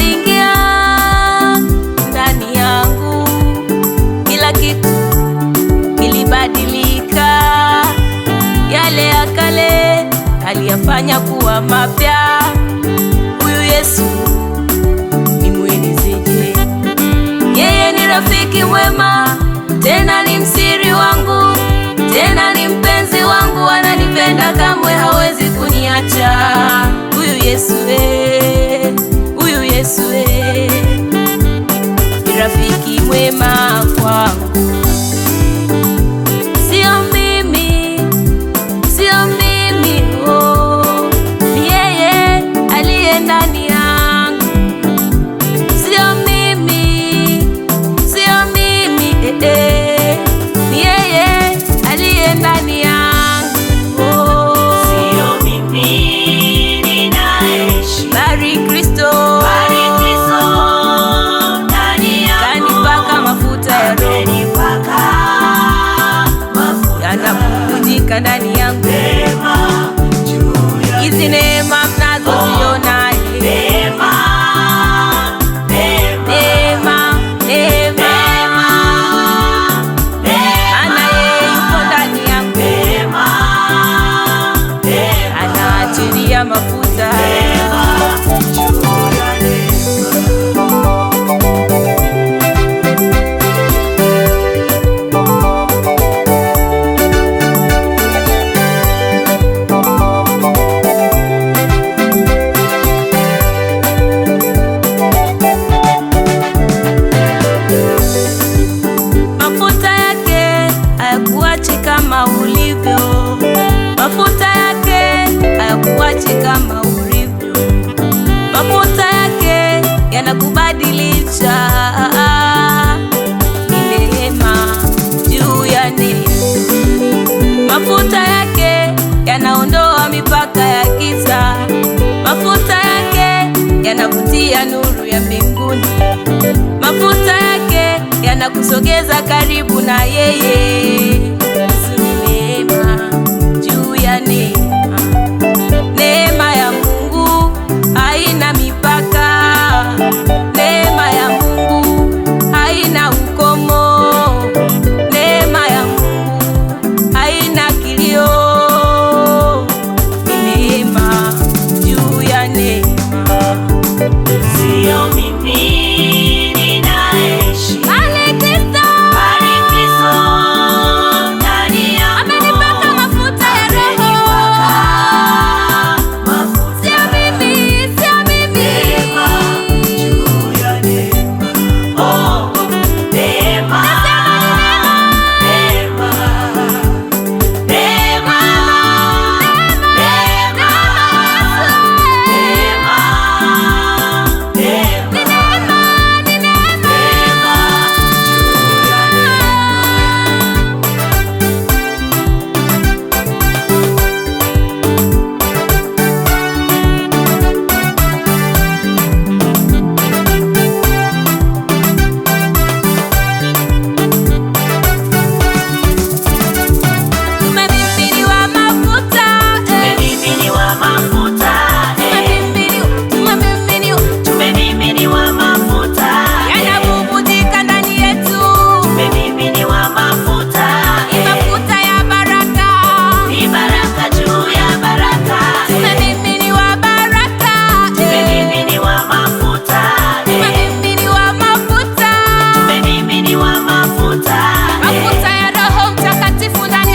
ulipoingia ndani yangu, kila kitu kilibadilika. Yale ya kale aliyafanya kuwa mapya. Huyu Yesu nimwelezije? Yeye ni rafiki mwema, tena ni msiri wangu, tena ni mpenzi wangu, ananipenda kamwe hawezi kuniacha. Huyu Yesu eh. sweet. zaidi ya nuru ya mbinguni, mafuta yake yanakusogeza karibu na yeye. food and